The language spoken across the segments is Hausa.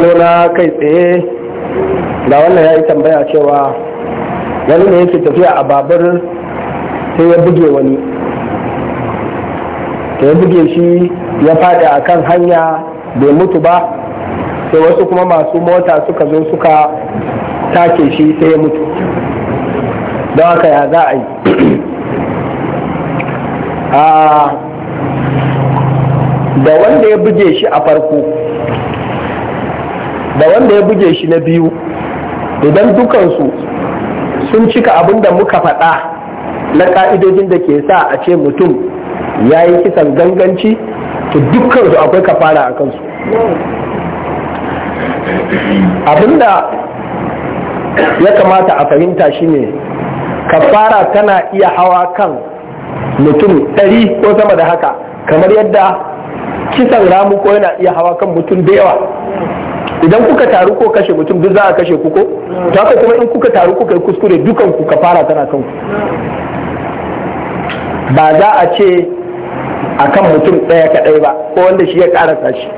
zo na kai tsaye da wannan ya yi tambaya cewa wani ne yake tafiya a babur sai ya buge wani da ya buge shi ya faɗi a kan hanya bai mutu ba sai wasu kuma masu mota suka zo suka take shi sai ya mutu don haka ya za a yi ah, da wanda ya buge shi a farko da wanda ya buge shi na biyu idan dukansu sun cika abin da muka faɗa na ka'idojin da ke sa a ce mutum ya yi kisan ganganci to dukansu akwai kafara a kansu abinda ya kamata a fahimta shine kafara tana iya hawa kan mutum ɗari ko sama da haka kamar yadda kisan ramu ko yana iya hawa kan mutum da yawa idan kuka taru ko kashe mutum duk za a kashe ku ko to haka kuma in kuka taru kuka yi kuskure dukan ku ka fara tana kanku ba za a ce a kan mutum ɗaya kaɗai ba ko wanda shi ya ƙarasa shi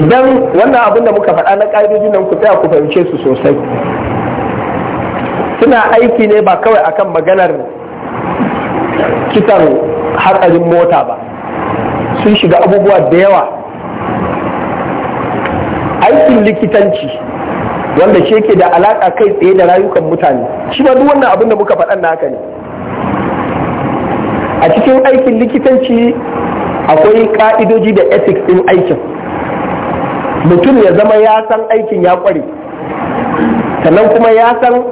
idan wannan abin da muka faɗa na ƙa'idoji nan ku tsaya ku fahimce su sosai suna aiki ne ba kawai akan maganar kitan hatsarin mota ba sun shiga abubuwa da yawa aikin likitanci wanda shi yake da alaka kai tsaye da rayukan mutane shi ma duk wannan abin da muka faɗan na haka ne a cikin aikin likitanci akwai ka'idoji da ethics ɗin aikin mutum ya zama ya san aikin ya ƙware sannan kuma ya san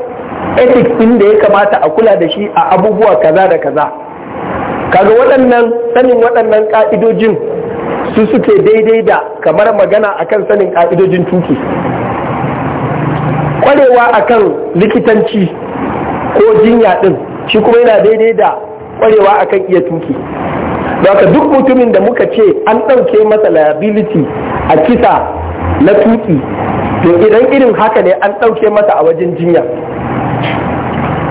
ethics ɗin da ya kamata a kula da shi a abubuwa kaza da kaza kaga waɗannan sanin waɗannan ƙa'idojin su suke daidai da kamar magana akan sanin ƙa'idojin tuki ƙwarewa akan likitanci ko jinya ɗin shi kuma yana daidai da ƙwarewa akan iya tuki haka duk mutumin da muka ce an ɗauke masa liability a kisa na tuki to idan irin haka ne an ɗauke masa a wajen jinya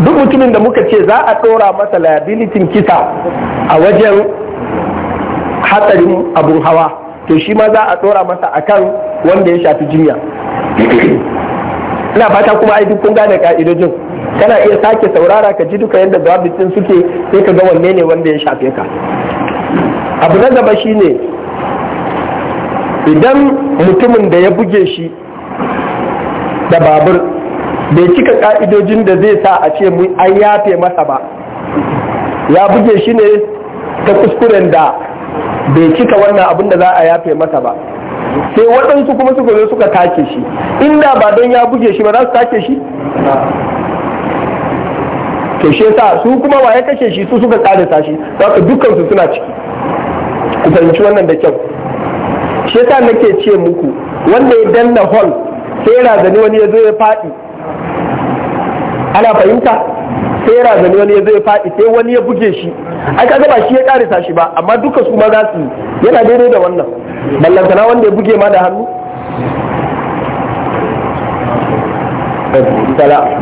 duk mutumin da muka ce za a ɗora masa liability kisa a wajen hatsarin abun hawa to shi ma za a ɗora masa kan wanda ya shafi jinya ina fata kuma ai duk kun gane ka'idojin kana iya sake saurara ka ji duka yadda zabitin suke sai ka ga wanne ne wanda ya shafe ka abu na gaba shine idan mutumin da ya buge shi da babur bai cika ka'idojin da zai sa a ce mun an yafe masa ba ya buge shi ne ta kuskuren da bai cika wannan abin da za a yafe masa ba sai waɗansu kuma suka zo suka take shi inda ba don ya buge shi ba za su take shi Ke shi sa su kuma waye kashe shi su suka sa shi zaka dukkan dukansu suna ciki ku fahimci wannan da kyau shi sa nake ce muku wanda ya danna hall sai razani wani ya zo ya faɗi ana fahimta sai ya wani ya zai faɗi sai wani ya buge shi ai kaga ba shi ya karisa shi ba amma duka su ma za su yana daidai da wannan ballantana wanda ya buge ma da hannu eh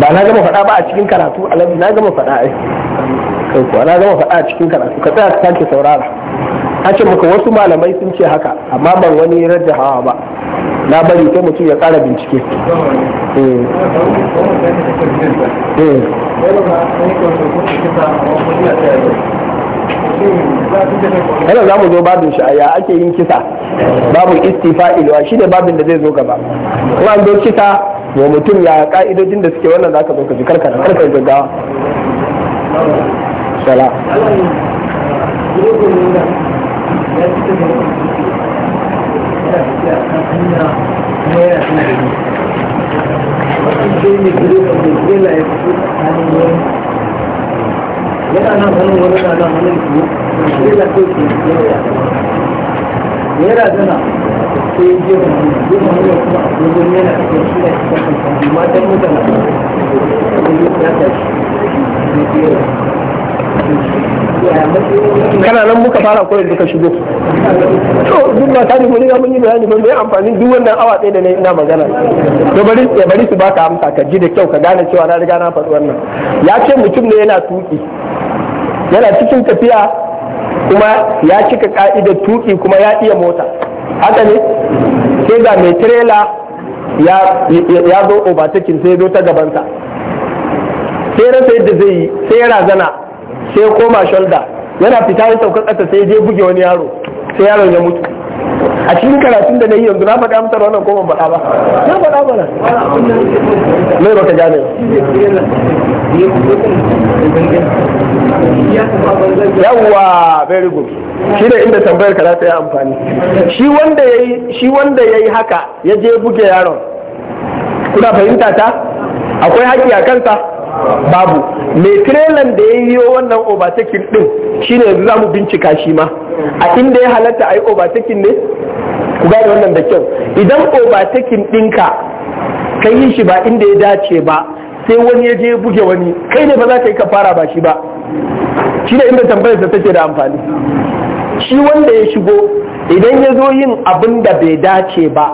ba na gama faɗa ba a cikin karatu alabi na gama faɗa ai kai kuwa na gama faɗa a cikin karatu ka tsaya ka sake saurara a ce maka wasu malamai sun ce haka amma ban wani hawa ba na bari sai mutum ya ƙara bincike yana eh. eh. za mu zo babin shi aya, ake yin kisa babu ilwa shi ne babin da zai zo gaba kuma an zo kisa wa mutum ya ka'idojin da suke wannan zaka zo ka ji karkar karkar gaggawa sala yana nan wani wani wani yana zana akwai kuma a da muka fara koyar duka shigo to duk ba ta nufi ga mun yi bayani ba mai amfani duk wannan awa ɗaya da nayi ina magana to bari ya bari su baka amsa ka ji da kyau ka gane cewa na riga na faɗi wannan ya ce mutum ne yana tuki yana cikin tafiya kuma ya cika ka'idar tuki kuma ya iya mota haka ne sai ga mai tirela ya zo obatakin sai zo ta gabansa sai rasa yadda zai yi sai ya razana sai koma shoulder yana fita ya sauka ƙasa sai je buge wani yaro sai yaron ya mutu a cikin karatun da na yi yanzu na faɗa amsar wannan ko ban faɗa ba na faɗa ba na mai baka gane yawwa very good shi ne inda tambayar ka za ta yi amfani shi wanda ya yi haka ya je buge yaron kuna fahimta ta akwai haƙƙi a kansa babu mai tirelan da ya yi wannan overtaking din shine yanzu za mu bincika shi ma a inda ya halatta a yi overtaking ne ku gane wannan da kyau idan overtaking ɗinka ka yi shi ba inda ya dace ba sai wani ya je buge wani kai ne ba za ka yi ka fara ba shi ba shi ne inda tambayar da take da amfani shi wanda ya shigo idan ya zo yin abin da bai dace ba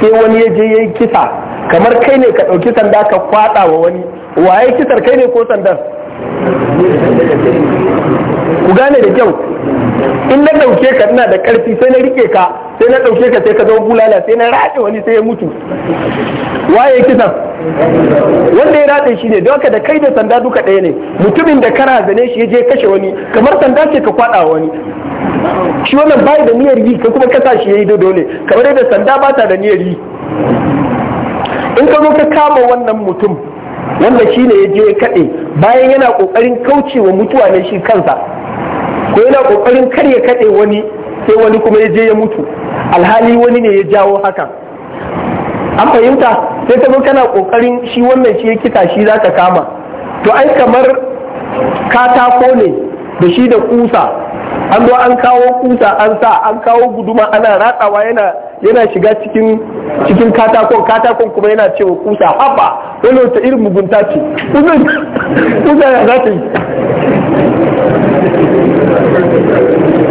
sai wani ya je ya yi kisa kamar kai ne ka ɗauki sanda ka kwaɗa wa wani waye kisar kai ne ko sandar ku gane da kyau in na ɗauke ka ina da ƙarfi sai na rike ka sai na ɗauke ka sai ka zama bulala sai na rage wani sai ya mutu waye kisan wanda ya rage shi ne don haka da kai da sanda duka ɗaya ne mutumin da kara zane shi ya je kashe wani kamar sanda ce ka kwada wani shi wannan bai da niyyar yi ka kuma kasa shi ya yi dole kamar da sanda ba ta da niyyar yi in ka zo ka kama wannan mutum wanda shi ne ya je kaɗe bayan yana ƙoƙarin kaucewa mutuwa na shi kansa ko yana ƙoƙarin kar ya kaɗe wani sai wani kuma ya je ya mutu alhali wani ne ya jawo haka an fahimta sai ta kana ƙoƙarin shi wannan shi ya kita shi za ka kama to ai kamar katako ne da shi da kusa an zo an kawo kusa an sa an kawo guduma ana ratsawa yana yana shiga cikin cikin katakon katakon kuma yana cewa kusa haba wani wata irin mugunta ce kusa ya zata yi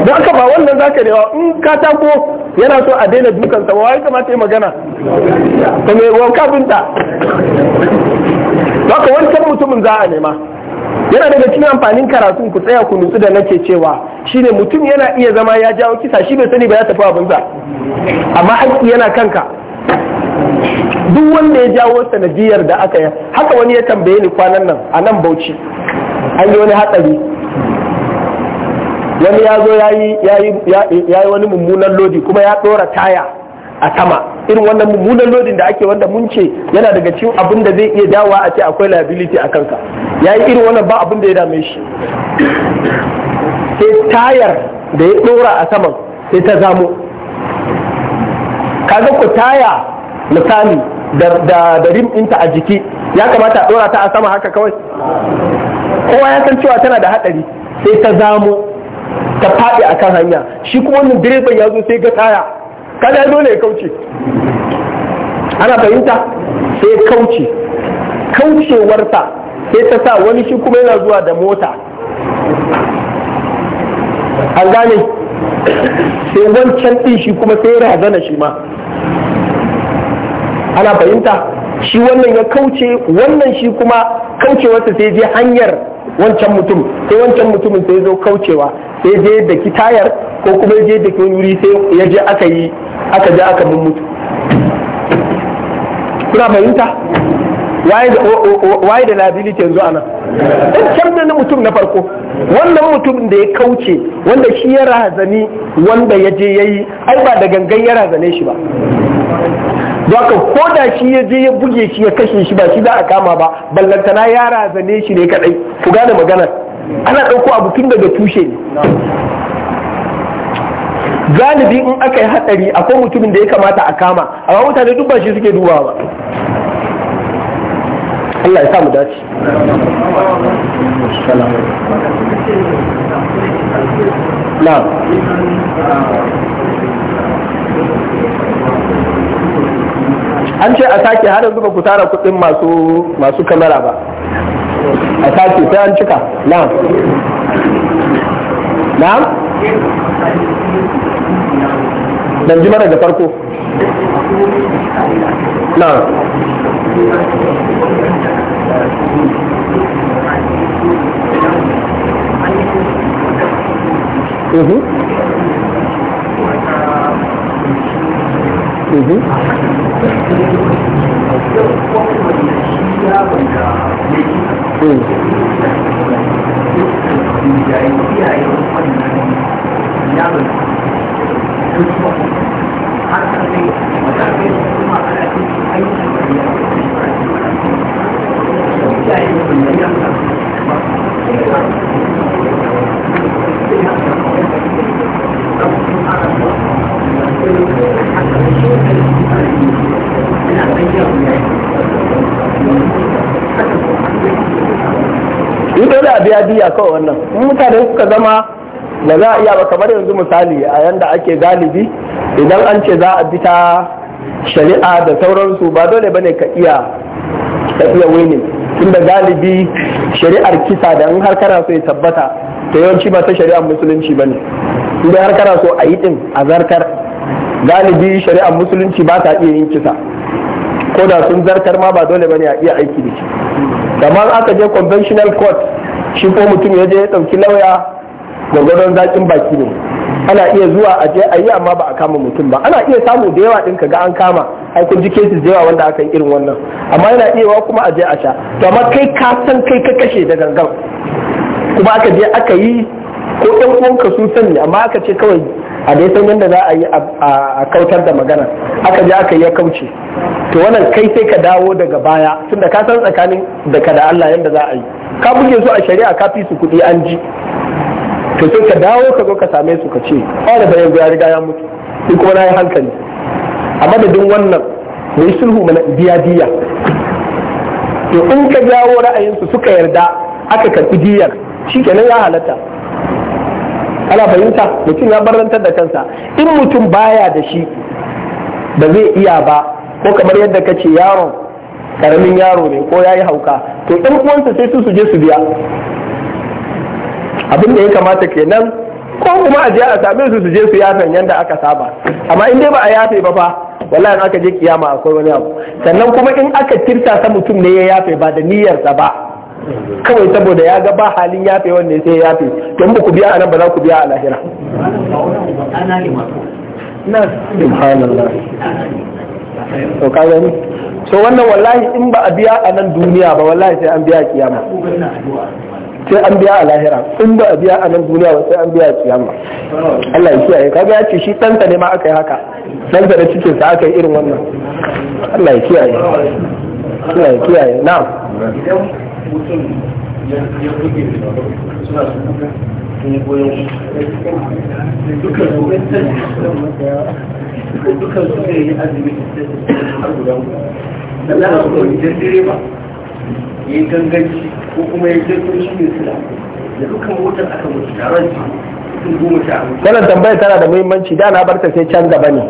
da aka ba wannan zaka ne in katako yana so a daina dukan sa wai kamata yi magana kuma wanka binta haka wancan mutumin za a nema yana daga cikin amfanin karatu ku tsaya ku nutsu da nake cewa shine mutum yana iya zama ya jawo kisa shi bai sani ba ya tafi abin abinsa amma haƙƙi yana kanka duk wanda ya jawo sanadiyar da aka yi haka wani ya tambaye ni kwanan nan a nan bauchi an yi wani hatsari wani ya zo ya yi wani mummunan lodi kuma ya ɗora taya a sama irin wannan mummunan lodin da ake wanda mun ce yana daga cikin abin da zai iya dawa a ce akwai liability a kanka Ya yi irin wannan ba abin da ya dame shi sai tayar da ya dora a saman sai ta zamo kaga ku taya misali da rim ɗinta a jiki ya kamata a dora ta a sama haka kawai kowa ya san cewa tana da haɗari sai ta zamo ta faɗi akan hanya shi kuma wannan direban ya zo sai ga taya kaga dole ya kauce ana fahimta sai ya kauce kaucewarta sai ta sa wani shi kuma yana zuwa da mota an gane sai wancan ɗin shi kuma sai razana shi ma ana fahimta shi wannan ya kauce wannan shi kuma kaucewarsa sai je hanyar wancan mutum sai wancan mutumin sai zo kaucewa sai je da tayar ko kuma je da wuri sai ya je aka yi aka je aka mutu. kuna fahimta waye da liability yanzu anan? Ɗan can na mutum na farko wannan mutum da ya kauce wanda shi ya razani wanda ya je ya yi ai ba da gangan ya razane shi ba Zaka ko da shi ya je ya buge shi ya kashe shi ba shi za a kama ba ballantana ya razane shi ne kaɗai. ku gane magana ana ɗauko abu tun daga tushe ne galibi in aka yi hatsari akwai mutumin da ya kamata a kama amma mutane duk ba shi suke duba ba Allah ya samu dace na an ce a sake har yanzu ba ku tara kuɗin masu kamara ba a sake sai an cika na'am na dan ji mana da farko na Mm-hmm. Mm-hmm. mm hmm mm hmm yi dole a biya biya kawai wannan mutane suka zama ba za a iya ba kamar yanzu misali a yanda ake galibi idan an ce za a bi ta shari'a da sauransu ba dole bane ka iya ka iya wini tunda galibi shari'ar kisa da in har kana so ya tabbata to yawanci ba ta shari'ar musulunci bane idan har kana so a yi din a zarkar galibi shari'ar musulunci ba ta iya yin kisa ko da sun zarkar ma ba dole bane a iya aiki da shi kamar aka je conventional court shi ko mutum ya je ya dauki lauya gwagwadon zakin baki ne ana iya zuwa a je a yi amma ba a kama mutum ba ana iya samu da yawa ɗin ga an kama ai kun ji da yawa wanda aka yi irin wannan amma yana iya wa kuma a je a sha to amma kai ka san kai ka kashe da gangan kuma aka je aka yi ko ɗan uwanka sun sani amma aka ce kawai a dai san yadda za a yi a kautar da magana aka je aka yi kauce to wannan kai sai ka dawo daga baya tunda ka san tsakanin da ka da Allah yadda za a yi ka buge su a shari'a ka fi su kuɗi an ji to sai ka dawo ka zo ka same su ka ce ƙwada bayan ya riga ya mutu in kuma na yi hankali a madadin wannan mai sulhu mana biya diya to in ka jawo ra'ayinsu suka yarda aka karɓi diyar shi kenan ya halatta ana fahimta mutum ya barantar da kansa in mutum baya da shi ba zai iya ba ko kamar yadda ka ce yaron karamin yaro ne ko ya yi hauka to ɗan uwansa sai su je su biya abin da ya kamata kenan ko kuma a je a same su su je su yafe yanda aka saba amma in dai ba a yafe ba fa wallahi aka je kiyama akwai wani abu sannan kuma in aka sa mutum ne ya yafe ba da niyyarsa ba kawai saboda ya ga ba halin yafe wanda sai ya yafe don ba ku biya a nan ba za ku biya a lahira to ka gani so wannan wallahi in ba a biya a nan duniya ba wallahi sai an biya kiyama sai an biya a lahira in ba a biya a nan duniya ba sai an biya a kiyama Allah ya kiyaye kaga ya ce shi ɗansa ne ma aka yi haka ɗansa da cikin sa aka yi irin wannan Allah ya kiyaye Allah ya kiyaye na'am dukkan su ne azumi da har guda ya yi ganganci ko kuma ya je kun shi ne suna da dukkan motar aka mutu taron su goma sha wannan tambayar tana da muhimmanci da na barta sai can gaba ne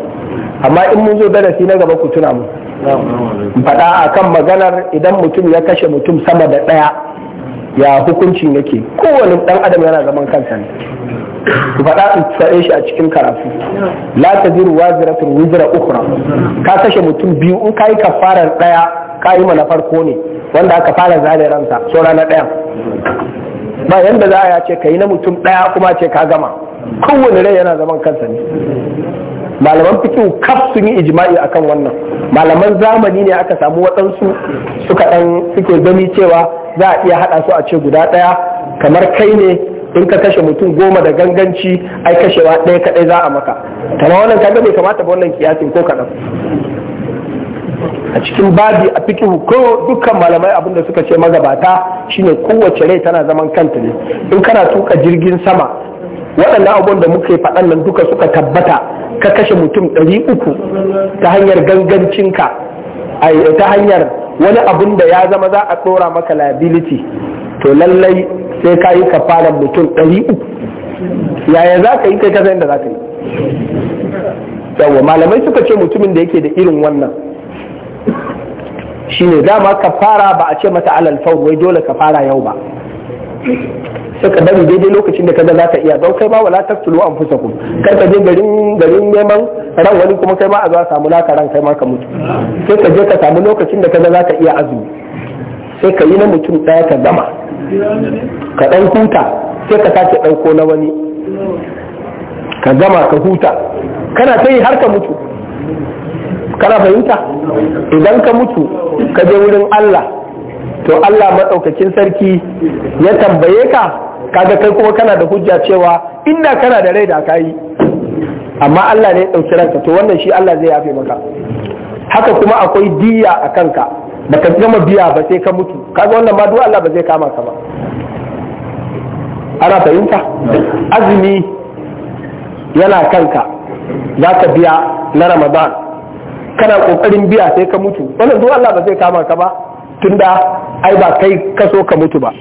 amma in mun zo darasi na gaba ku tuna mu faɗa kan maganar idan mutum ya kashe mutum sama da ɗaya ya hukuncin yake kowane ɗan adam yana zaman kansa ne ku faɗa in tsaye shi a cikin karatu la taziru waziratun wizra ka kashe mutum biyu in ka yi kafarar ɗaya ka'ima na farko ne wanda aka fara zane ransa so na ɗaya ba yanda za a ya ce ka yi na mutum ɗaya kuma ce ka gama kowane rai yana zaman kansa ne malaman fiki kaf sun yi ijma'i akan wannan malaman zamani ne aka samu waɗansu suka ɗan suke gani cewa za a iya haɗa su a ce guda ɗaya kamar kai ne in ka kashe mutum goma da ganganci ai kashewa ɗaya kaɗai za a maka kamar wannan kaga bai kamata ba wannan kiyasin ko kaɗan a cikin babi a fikihu ko dukkan malamai abin da suka ce magabata shine kowace rai tana zaman kanta ne in kana tuka jirgin sama waɗannan abubuwan da muka yi faɗan nan duka suka tabbata ka kashe mutum ɗari uku ta hanyar gangancinka ta hanyar wani abun da ya zama za a ɗora maka liability to lallai sai ka yi fara mutum ɗari uku yaya za ka yi kai kasan da za ka yi yawwa malamai suka ce mutumin da yake da irin wannan Shi ma dama fara ba a ce mata alal faur wai dole ka fara yau ba suka bari daidai lokacin da kaga ka iya don kai ma wala fusa ku kar ka je garin garin neman ran wani kuma kai ma a za samu laka ran kai ma ka mutu sai ka je ka samu lokacin da kaga ka iya azumi sai ka yi na mutum daya ka gama ka dan huta sai ka sake dauko na wani ka gama ka huta kana ta yi har ka mutu kana fahimta idan ka mutu ka je wurin Allah to Allah maɗaukakin sarki ya tambaye ka kaga kai kuma kana da hujja cewa inda kana da rai da ka yi amma Allah ne ya ɗauki ranka to wannan shi Allah zai yafe maka haka kuma akwai diya a kanka baka gama biya ba sai ka mutu kaga wannan ma duk Allah ba zai kama ka ba ana fahimta azumi yana kanka za ka biya na Ramadan kana kokarin biya sai ka mutu wannan zuwa Allah ba zai kama ka ba tunda ai ba kai ka so ka mutu ba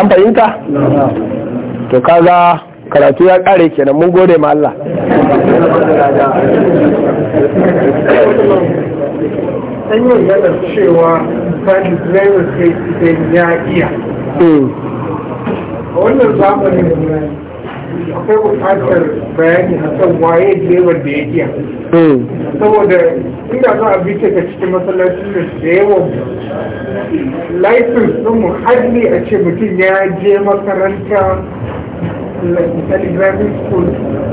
an fahimta to kaga karatu ya kare kenan mun gode ma Allah an yi cewa fadi ya iya hmm. wannan zamanin akwai bukatar bayani a kan waye direban da ya jiya. Hmm. saboda inda za a bice ka cikin masallacin da yawan laifin sun muhalli a ce mutum ya je makaranta telegraphic school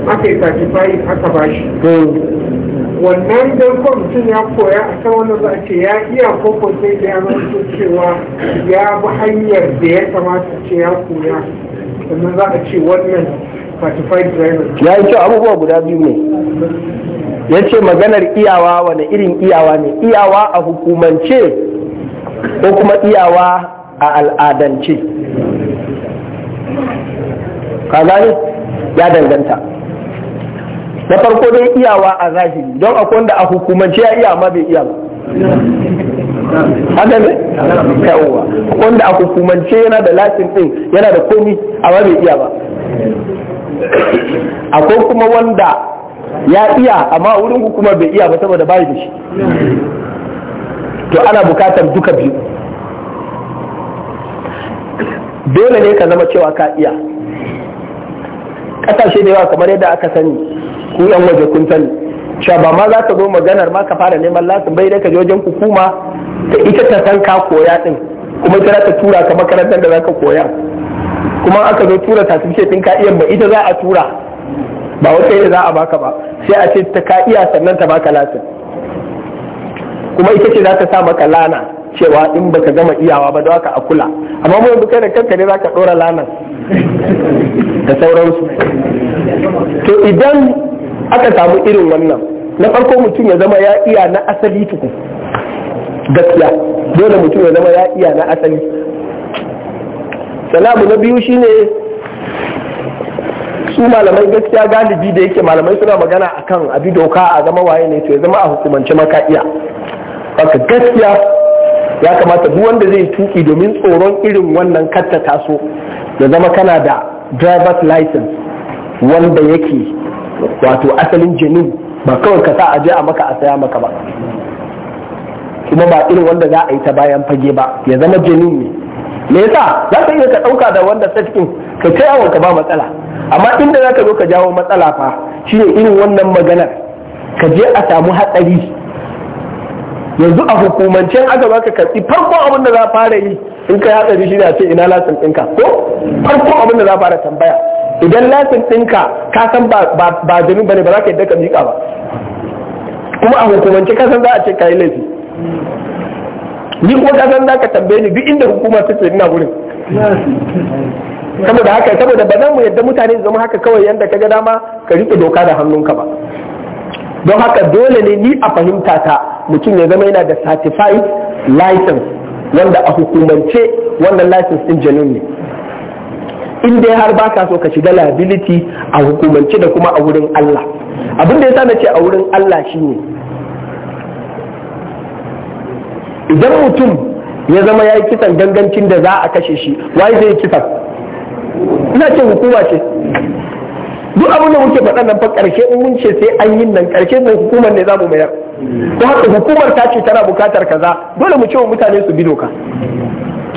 aka yi tafi aka bashi hmm. wannan garkon mutum ya koya a kan wani za ce ya iya koko sai da ya cewa ya bi hanyar da ya kamata ce ya koya sannan za a ce wannan ya yi kyau abubuwa guda biyu ne ya ce maganar iyawa wani irin iyawa ne iyawa a hukumance ko kuma iyawa a al'adance ka gani ya danganta na farko dai iyawa a zahiri don akwai wanda a hukumance ya iya amma bai iya ba haka ne yawwa wanda a hukumance yana da latin din yana da komi amma bai iya ba akwai kuma wanda ya iya amma wurin hukumar bai iya ba saboda bai da shi to ana bukatar duka biyu dole ne ka zama cewa ka iya ƙasashe da yawa kamar yadda aka sani ku yan waje kun sani cewa ba ma za ka zo maganar ma ka fara neman lasin bai dai ka je wajen hukuma ta ita ta san ka koya din kuma ita ta tura ka makarantar da za ka koya kuma aka zo tura certificate din ka iya ba ita za a tura ba wata yadda za a baka ba sai a ce ta ka iya sannan ta baka lasin kuma ita ce za ta sa maka lana cewa in ba ka gama iyawa ba don haka a kula amma mu yanzu kai da kanka ne ka ɗora lanan da sauransu to idan aka samu irin wannan na farko mutum ya zama ya iya na asali tukun gaskiya dole mutum ya zama ya iya na asali salamu na biyu shine su malamai gaskiya galibi da yake malamai suna magana akan abi doka a zama waye ne to ya zama a hukumance maka iya baka gaskiya ya kamata duk wanda zai tuki domin tsoron irin wannan katta taso ya zama kana da driver's license wanda yake wato asalin jinin ba kawai ka sa a je a maka a saya maka ba kuma ba irin wanda za a yi ta bayan fage ba ya zama jinin ne me yasa za ka iya ka ɗauka da wanda safin ka kai awon ka ba matsala amma inda za ka zo ka jawo matsala fa shine irin wannan maganar ka je a samu hatsari yanzu a hukumancen aka baka karɓi farko abin da za fara yi in kai hatsari shi da ce ina lasin ɗinka ko farko abin da za fara tambaya idan lasin ɗinka ka san ba ba ne ba za ka yi daga miƙa ba kuma a hukumance ka san za a ce ka yi laifi ni kuma ka san zaka tambaye ni duk inda hukuma ta ce ina gurin saboda haka saboda ba zan mu yadda mutane su zama haka kawai yanda ka ga dama ka rike doka da hannunka ba don haka dole ne ni a fahimta ta mutum ya zama yana da certified license wanda a hukumance wannan license din janin ne in dai har ba ka so ka shiga liability a hukumance da kuma a wurin Allah abin da ya sa na ce a wurin Allah shine idan mutum ya zama ya yi kisan gangancin da za a kashe shi waye zai yi kisan ina ce hukuma ce duk abin da muke faɗa nan fa ƙarshe in mun ce sai an yi nan ƙarshe mai hukumar ne za mu mayar ko haka hukumar ta ce tana buƙatar kaza dole mu ce wa mutane su bi doka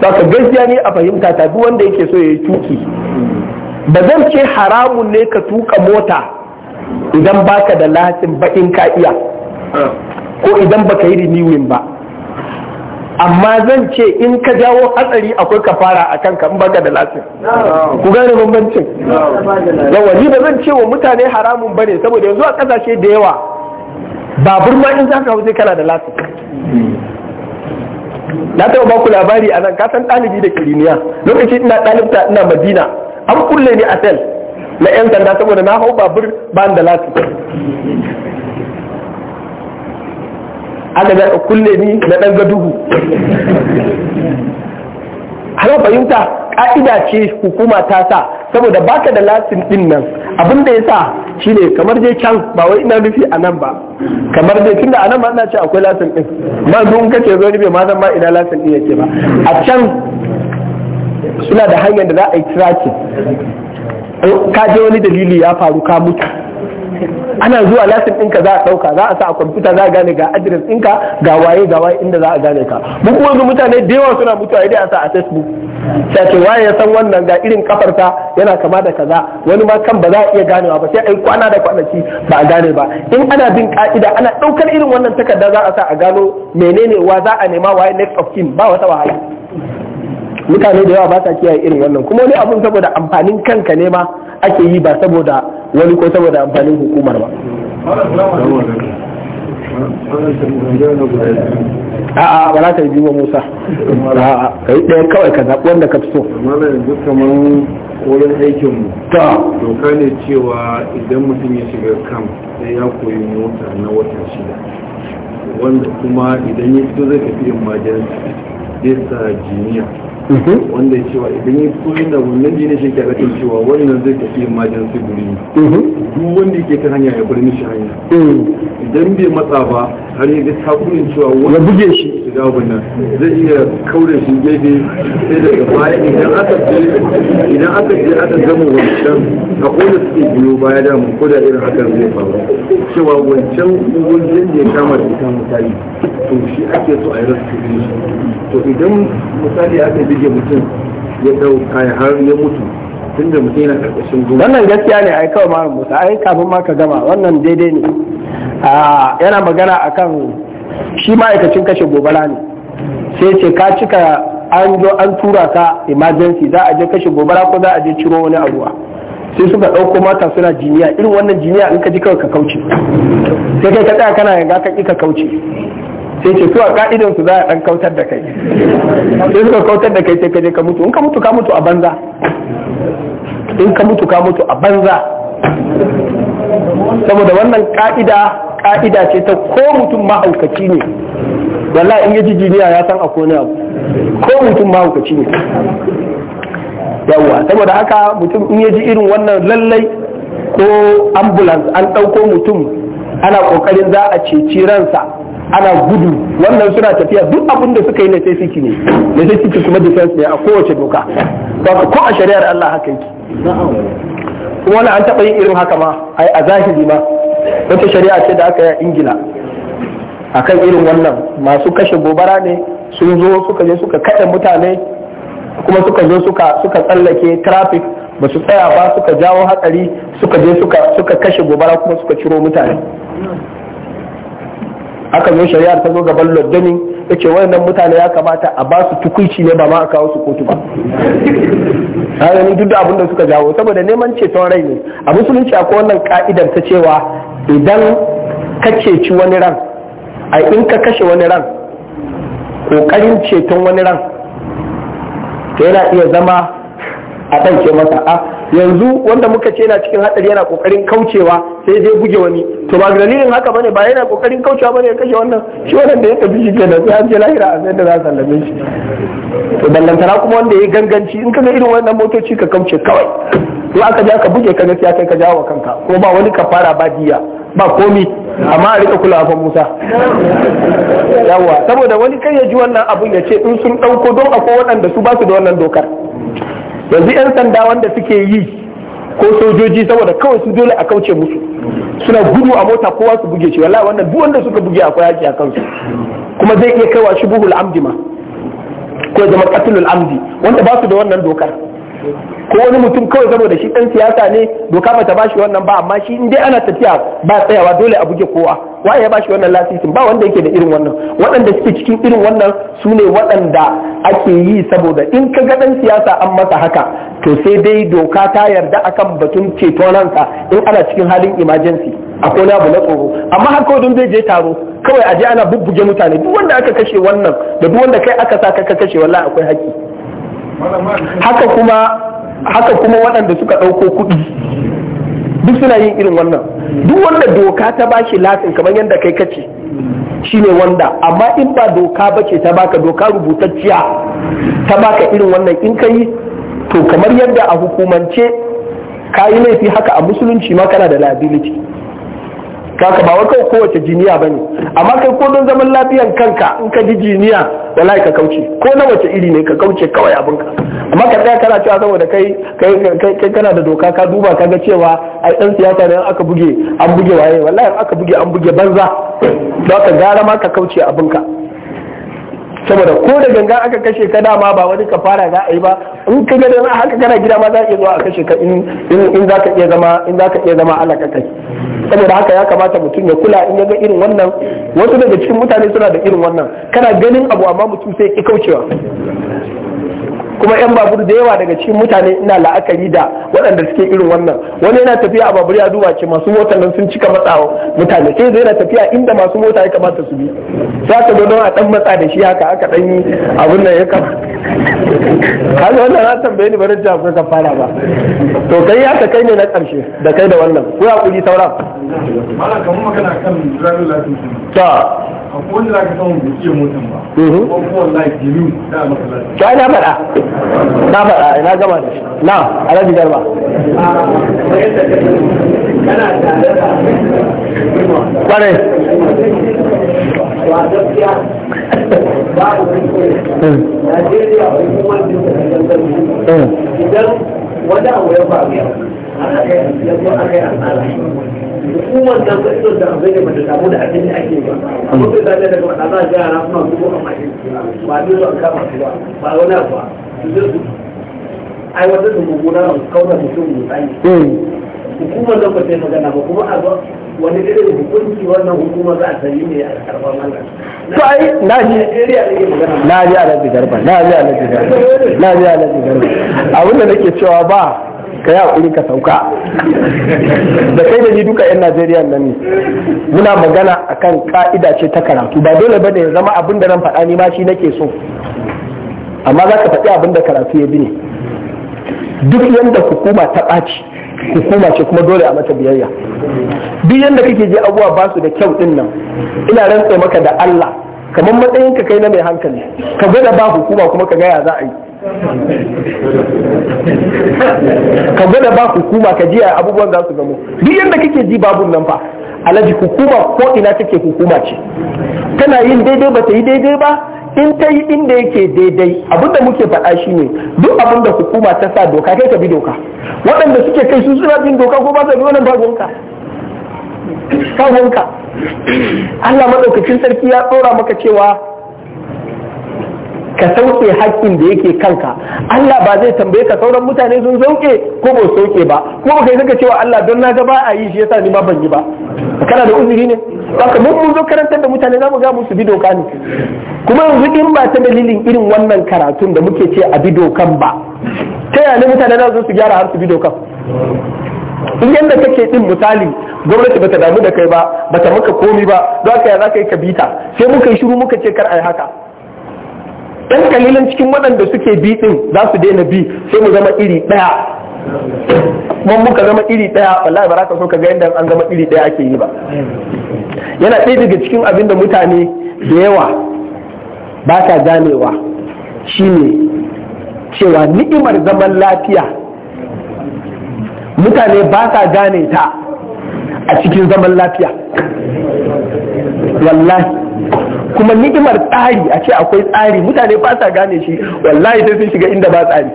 ba ka gaskiya ne a fahimta ta duk wanda yake so ya yi tuki ba zan ce haramun ne ka tuka mota idan baka da lasin ba in ka iya ko idan baka yi renewing ba amma zan ce in ka jawo hatsari akwai kafara a kan in baka da lasin ku gane bambancin yawa ni ba zan ce wa mutane haramun bane saboda yanzu a kasashe da yawa babur ma in zaka hau sai kana da lasin na taɓa baku labari a nan kasan ɗalibi da kiriniya lokacin ina ɗalibta ina madina an kulle ni a sel na 'yan sanda saboda na hau babur ba da lasin aka ga kulle ni na ɗan ga duhu ana fahimta ƙa'ida ce hukuma ta sa saboda baka da lasin ɗin nan abin da ya sa shine kamar dai can ba wai ina nufi a nan ba kamar dai tunda a nan ma ina ce akwai lasin ɗin ma duhun kace zo ni bai ma zan ma ina lasin ɗin yake ba a can suna da hanyar da za a yi tracking ka je wani dalili ya faru ka mutu ana zuwa lasin ɗinka za a ɗauka za a sa a kwamfuta za a gane ga adres ɗinka ga waye ga waye inda za a gane ka mun kuma mutane da yawa suna mutuwa idan a sa a facebook sai waye ya san wannan ga irin kafarsa yana kama da kaza wani ma kan ba za a iya ganewa ba sai ai kwana da kwanaki ba a gane ba in ana bin ka'ida ana ɗaukar irin wannan takarda za a sa a gano menene wa za a nema waye next of kin ba wata wahala mutane da yawa ba sa kiyaye irin wannan kuma wani abun saboda amfanin kanka ne ma ake yi ba saboda wani ko saboda amfanin hukumar ba a'a ba za ka yi biyu musa a'a kai ɗaya kawai ka zaɓi wanda ka fi so mana yanzu kamar wurin aikin mu ta doka ne cewa idan mutum ya shiga kam sai ya koyi mota na wata shida wanda kuma idan ya fito zai tafi yin majalisa bisa jiniya Mhm. wanda cewa idan ya fito inda wannan jini shi ke rakin cewa wannan zai tafi emergency guri mhm. duk wanda yake ta hanya ya bar mishi hanya mhm. idan bai matsa ba har ya ga takurin cewa wani buge shi da wannan zai iya kaure shi gefe sai daga baya idan aka je idan aka je aka gama wancan a kowane suke biyo baya da mu ko da irin hakan zai faru cewa wancan wajen da ya kama da ita misali to shi ake so a yi rasu to idan misali aka bige mutum ya dauka ya har ya mutu tunda mutum yana karkashin goma wannan gaskiya ne ai kawai malam musa ai kafin ma ka gama wannan daidai ne yana magana akan shi ma'aikacin kashe gobara ne sai ce ka cika an zo an tura ka emergency za a je kashe gobara ko za a je ciro wani abuwa sai suka ɗauko mata suna jiniya irin wannan jiniya in ka ji kawai ka kauce sai kai ka tsaya kana yanga ka ƙi ka kauce sai ce su a ka'idan su za a dan kautar da kai sai suka kautar da kai sai ka je ka mutu in ka mutu ka mutu a banza in ka mutu ka mutu a banza saboda wannan ka'ida ka'ida ce ta ko mutum mahaukaci ne wallahi in yaji ji jiniya ya san akwai ne abu ko mutum mahaukaci ne yawwa saboda haka mutum in yaji ji irin wannan lallai ko ambulance an ɗauko mutum ana ƙoƙarin za a ceci ransa ana gudu wannan suna tafiya duk abin da suka yi na sai ne necessity kuma defense ne a kowace doka ba ko a shari'ar Allah haka yake kuma wani an taɓa yin irin haka ma ai a zahiri ma wata shari'a ce da aka yi a ingila akan irin wannan masu kashe gobara ne sun zo suka je suka kaɗa mutane kuma suka zo suka suka tsallake traffic ba su tsaya ba suka jawo hatsari suka je suka suka kashe gobara kuma suka ciro mutane aka zo shari'ar ta zo gaban lardani ya ce wayannan mutane ya kamata a ba su tukuici ne ba ma a kawo su kotu ba hanyar duk da abin da suka jawo saboda neman ceton rai ne a musulunci akwai wannan ka'idar ta cewa idan ka ceci wani ran a in ka kashe wani ran kokarin ceton wani ran to yana iya zama a ɗauke masa a yanzu wanda muka ce yana cikin haɗari yana ƙoƙarin kaucewa sai zai buge wani to ba dalilin haka bane ba yana ƙoƙarin kaucewa bane ya kashe wannan shi wannan da ya tafi shi kenan sai an je lahira a sai da za a sallame shi to ballantana kuma wanda ya ganganci in ka ga irin wannan motoci ka kauce kawai in aka ja ka buge ka gaskiya kai ka jawo kanka ko ba wani ka fara ba diya ba komi amma a rika kula fa Musa yawa saboda wani kai ya ji wannan abun ya ce in sun ɗauko don akwai waɗanda su ba su da wannan dokar yanzu 'yan sanda wanda suke yi ko sojoji saboda kawai su dole a kauce musu suna gudu a mota kowa su buge shi wala wannan duk wanda suka buge akwai yaki a kansu kuma zai iya kaiwa shi buhul amdi ma ko zama qatlul amdi wanda ba su da wannan dokar ko wani mutum kawai saboda shi ɗan siyasa ne doka bata shi wannan ba amma shi in dai ana tafiya ba tsayawa dole a buge kowa waye ya bashi wannan lasisin ba wanda yake da irin wannan waɗanda suke cikin irin wannan su ne waɗanda ake yi saboda in ka ga ɗan siyasa an masa haka to sai dai doka ta yarda akan batun ceton ransa in ana cikin halin emergency akwai abu na tsoro amma har kawai don zai je taro kawai a je ana bubbuge mutane duk wanda aka kashe wannan da duk wanda kai aka sa ka kashe wallahi akwai haƙƙi haka kuma waɗanda suka ɗauko kuɗi duk suna yin irin wannan duk wanda doka ta bashi lasin kamar yadda kai kace ne wanda amma in ba doka ba ce ta baka doka rubutacciya ta baka irin wannan in kai to kamar yadda a hukumance ka yi laifi haka a musulunci ma kana da liability kaka ba wai kawai kowace jiniya bane amma kai ko don zaman lafiyan kanka in ka ji jiniya wallahi ka kauce ko na wace iri ne ka kauce kawai abin ka amma ka tsaya kana cewa saboda kai kai kana da doka ka duba ka ga cewa ai dan siyasa ne aka buge an buge waye wallahi aka buge an buge banza don ka gara ma ka kauce abin ka saboda ko da ganga aka kashe ka dama ba wani ka fara za a yi ba in ka ga na haka kana gida ma za ka iya zuwa a kashe ka in za ka iya zama in za ka iya zama ka kai saboda haka ya kamata mutum ya kula in ya ga irin wannan wasu daga cikin mutane suna da irin wannan kana ganin abu amma mutum sai ki kaucewa kuma yan babur da yawa daga cikin mutane ina la'akari da waɗanda suke irin wannan wani yana tafiya a babur ya duba ce masu motar nan sun cika matsawa mutane sai zai yana tafiya inda masu mota ya kamata su bi za ka don a dan matsa da shi haka aka dan yi abin nan ya kama kaga wannan na tambaye ni bari ta ka fara ba to kai ya ka kai ne na karshe da kai da wannan ko ya sauran wanda da ka samu bai iya motan ba ko kuma wallahi gilu da masallaci ta na faɗa na faɗa na gama da shi na alhaji garba kware Najeriya wani kuma idan wani abu ya faru hukumar da ba da abai da bata damu da abin da ake ba amma bai zaɓe daga wata za a ga a ba ne zuwa kama su ba ba wani abu ba aiwatar da mummuna a kaunar mutum mutane hmm. hukumar nan ba a magana ba kuma a wani irin hukunci wannan hukuma za a sayi ne a karɓar mallan na ji na ji garba na a alaji garba na a alaji garba abin da nake cewa ba ka yi hakuri ka sauka da kai da ni duka yan najeriya nan ne muna magana akan ka'ida ce ta karatu ba dole bane ya zama abin da nan faɗa ni ma shi nake so amma za ka faɗi abin da karatu ya bi ne duk yadda hukuma ta ɓaci hukuma ce kuma dole a mata biyayya duk yadda kake je abubuwa ba su da kyau din nan ina rantsa maka da Allah kamar matsayinka kai na mai hankali ka gwada ba hukuma kuma ka gaya za a yi ka gwada ba hukuma ka jiya abubuwan za su gamo duk yadda kake ji babun nan fa alaji hukuma ko ina take hukuma ce tana yin daidai ba ta yi daidai ba in ta yi inda yake daidai abinda muke faɗa shi ne duk abinda hukuma ta sa doka kai ka bi doka waɗanda suke kai su suna bin doka ko ba su bi wannan bagonka bagonka Allah maɗaukacin sarki ya tsora maka cewa ka sauke hakkin da yake kanka Allah ba zai tambaye ka sauran mutane sun sauke ko ba sauke ba ko ba kai saka cewa Allah don naga ba a yi shi yasa ni ma ban yi ba kana da uzuri ne haka mun mun zo karantar da mutane zamu ga musu bi doka ne kuma yanzu in ba ta dalilin irin wannan karatun da muke ce a bi dokan ba ta yaya ne mutane za su gyara har su bi dokan in yadda kake din misali gwamnati bata damu da kai ba bata maka komi ba za ka za ka yi ka bita sai muka yi shiru muka ce kar a yi haka ɗan kalilan cikin waɗanda suke bi ɗin za su daina bi sai mu zama iri ɗaya mun muka zama iri ɗaya wallahi ba za ka so ka ga yadda an zama iri ɗaya ake yi ba yana ɗaya daga cikin abin da mutane da yawa ba ta ganewa shine cewa ni'imar zaman lafiya mutane ba sa gane ta a cikin zaman lafiya wallahi kuma ni'imar tsari a ce akwai tsari mutane ba sa gane shi wallahi sai sun shiga inda ba tsari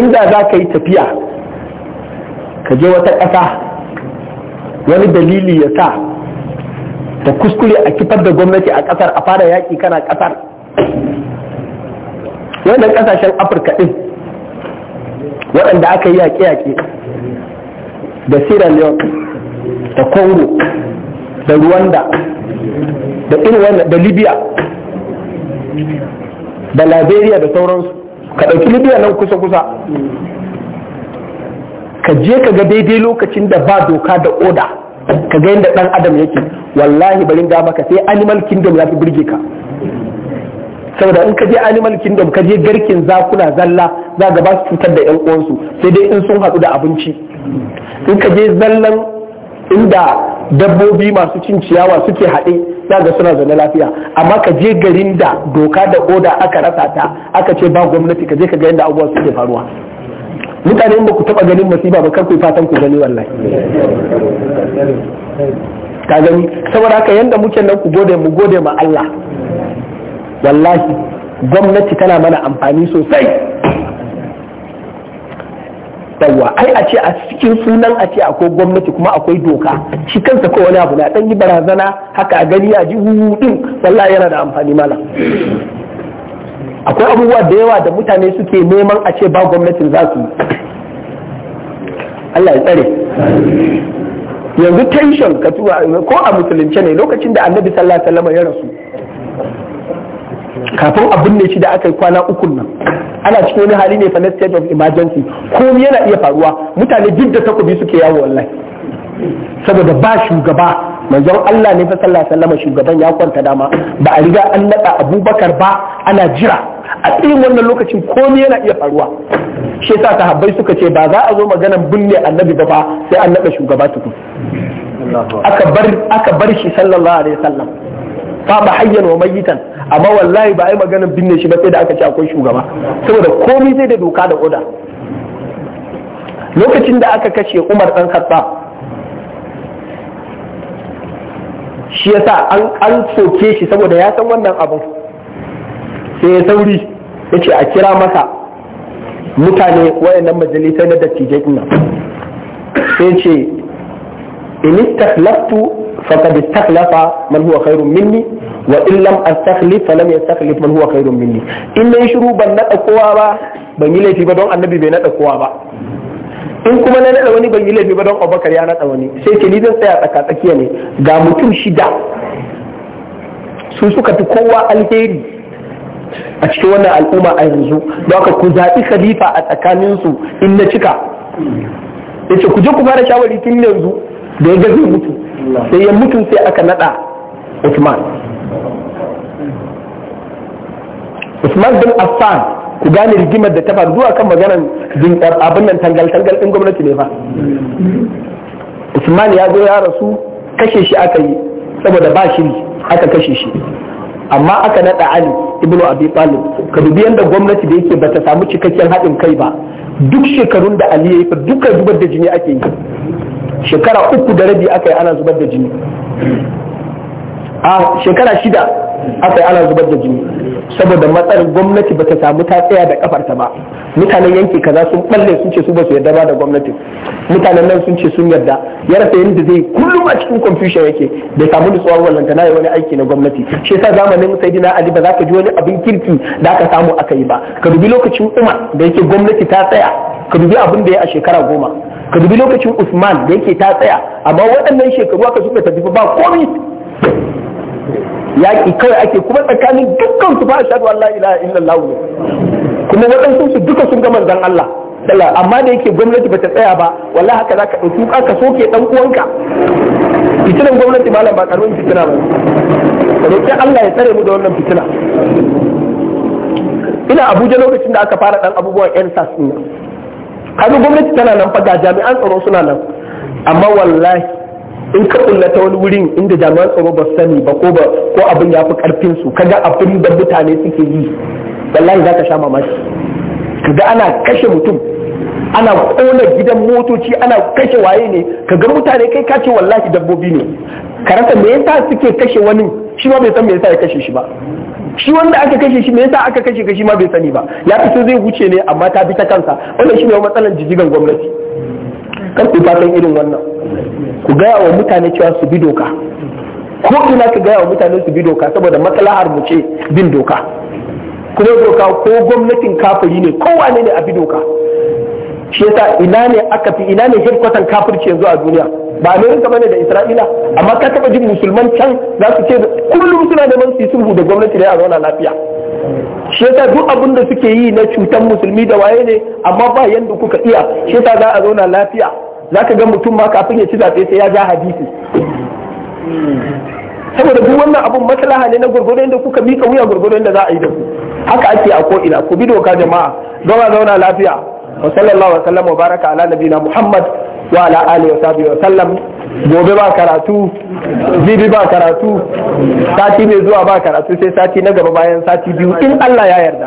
inda za ka yi tafiya ka je wata ƙasa wani dalili ya sa da kuskure a kifar da gwamnati a ƙasar a fara yaƙi kana ƙasar wannan ƙasashen afirka ɗin waɗanda aka yi yaƙe-yaƙe da sierra leone da congo da rwanda da irin da libya da liberia da sauransu ka ɗauki libya nan kusa-kusa ka je ka ga daidai lokacin da ba doka da oda ka ga yadda ɗan adam yake wallahi bari ga maka sai animal kingdom ya fi birge ka saboda in ka je animal kingdom ka je garkin zakuna zalla za ga ba su cutar da yan uwansu sai dai in sun haɗu da abinci in ka je zallan inda dabbobi masu cin ciyawa suke haɗe za ga suna zaune lafiya amma ka je garin da doka da oda aka rasa ta aka ce ba gwamnati ka je ka ga yadda abubuwa suke faruwa mutane ba ku taba ganin masifa ba kar ku fatan ku gani wallahi ka gani saboda haka yanda muke nan ku gode mu gode ma Allah wallahi gwamnati tana mana amfani sosai yawa ai a ce a cikin sunan a ce akwai gwamnati kuma akwai doka shi kansa ko wani abu na dan yi barazana haka a gani a ji din wallahi yana da amfani mala akwai abubuwa da yawa da mutane suke neman a ce ba gwamnatin za su Allah ya tsare yanzu tension ka ko a musulunce ne lokacin da annabi sallallahu alaihi wasallam ya rasu kafin a binne shi da aka yi kwana ukun nan ana cikin wani hali ne fa state of emergency komai yana iya faruwa mutane duk da takobi suke yawo wallahi saboda ba shugaba manzon Allah ne fa sallallahu alaihi shugaban ya kwanta dama ba a riga an nada Abubakar ba ana jira a irin wannan lokacin komai yana iya faruwa shi yasa sahabbai suka ce ba za a zo maganan binne annabi ba fa sai an nada shugaba tukun aka bar aka bar shi sallallahu alaihi wasallam fa hayyan wa mayitan amma wallahi ba a yi maganin binne shi ba sai da aka ce akwai shugaba saboda komai zai da doka da oda lokacin da aka kashe umar dan khattab shi yasa an an soke shi saboda ya san wannan abin sai ya sauri ya ce a kira masa mutane wayannan majalisai na dattijai ina sai ce in istakhlaftu faqad istakhlafa man huwa khairun minni wa in lam astakhlif falam yastakhlif man huwa khairun minni in shiru ban nada kowa ba ban yi laifi ba don annabi bai nada kowa ba in kuma na nada wani ban yi laifi ba don abubakar ya nada wani sai ce ni zan tsaya tsaka tsakiya ne ga mutum shida su suka fi kowa alheri a cikin wannan al'umma a yanzu don ku zaɓi khalifa a tsakaninsu in na cika yace ku je ku fara shawari tun yanzu da ya gazi mutu sai ya mutu sai aka nada Usman Usman bin Affan ku gane rigimar da ta faru zuwa kan maganar abin nan tangal tangal din gwamnati ne fa Usman ya zo ya rasu kashe shi aka yi saboda ba shi aka kashe shi amma aka nada Ali ibnu Abi Talib ka dubi yanda gwamnati da yake bata samu cikakken haɗin kai ba duk shekarun da Ali ya yi fa duka zubar da jini ake yi shekara uku da rabi aka yi ana zubar da jini a shekara shida aka yi ana zubar da jini saboda matsalar gwamnati ba ta samu ta tsaya da kafarta ba mutanen yanki kaza sun balle sun ce su ba su yarda ba da gwamnati mutanen nan sun ce sun yarda ya rasa yadda zai kullum a cikin confusion yake bai samu nutsuwar wallanta na yi wani aiki na gwamnati shi yasa zamanin sayyidina ali ba za ka ji wani abin kirki da aka samu aka yi ba ka dubi lokacin umar da yake gwamnati ta tsaya ka dubi abin da ya a shekara goma ka dubi lokacin usman da yake ta tsaya amma waɗannan shekaru aka suka tafi ba komai yaƙi kawai ake kuma tsakanin dukkan su ba shaɗu Allah ila illa ne kuma waɗansu su duka sun ga manzon Allah amma da yake gwamnati bata tsaya ba wallahi haka zaka ɗauki ka soke ɗan uwanka fitinan gwamnati malam ba karamin fitina ba ka roƙi Allah ya tsare mu da wannan fitina ina Abuja lokacin da aka fara ɗan abubuwan yan sas kanu gwamnati tana nan fa jami'an tsaro suna nan amma wallahi in ka kulla ta wani wurin inda jami'an tsaro ba sani ba ko ba ko abin ya fi karfin su kaga abin da mutane suke yi wallahi za ka sha mamaki kaga ana kashe mutum ana kona gidan motoci ana kashe waye ne kaga mutane kai kace wallahi dabbobi ne karanta me yasa suke kashe wani shi ma bai san me yasa ya kashe shi ba shi wanda aka kashe shi me yasa aka kashe ka shi ma bai sani ba ya fito zai wuce ne amma ta bi ta kansa wannan shine matsalar jijigan gwamnati kan ku fatan irin wannan ku gaya wa mutane cewa su bi doka ko ina ka gaya wa mutane su bi doka saboda matsala mu ce bin doka kuma doka ko gwamnatin kafiri ne kowane ne a bi doka shi yasa ina ne aka fi ina ne hirkwatan kafirci yanzu a duniya ba amerika bane da isra'ila amma ka taba jin musulman can za su ce kullum suna da man yi sulhu da gwamnati da a zauna lafiya shi yasa duk abin da suke yi na cutan musulmi da waye ne amma ba yanda kuka iya shi za a zauna lafiya za ka ga mutum ma kafin ya ci zaɓe sai ya ja hadisi saboda duk wannan abun maslaha ne na gurgurun da kuka mika wuya gurgurun da za a yi da ku haka ake a ko ina ku bi doka jama'a zauna zauna lafiya wa sallallahu wa sallam wa baraka ala nabiyina muhammad wa ala wa wa gobe ba karatu jibi ba karatu sati mai zuwa ba karatu sai sati na gaba bayan sati biyu in Allah ya yarda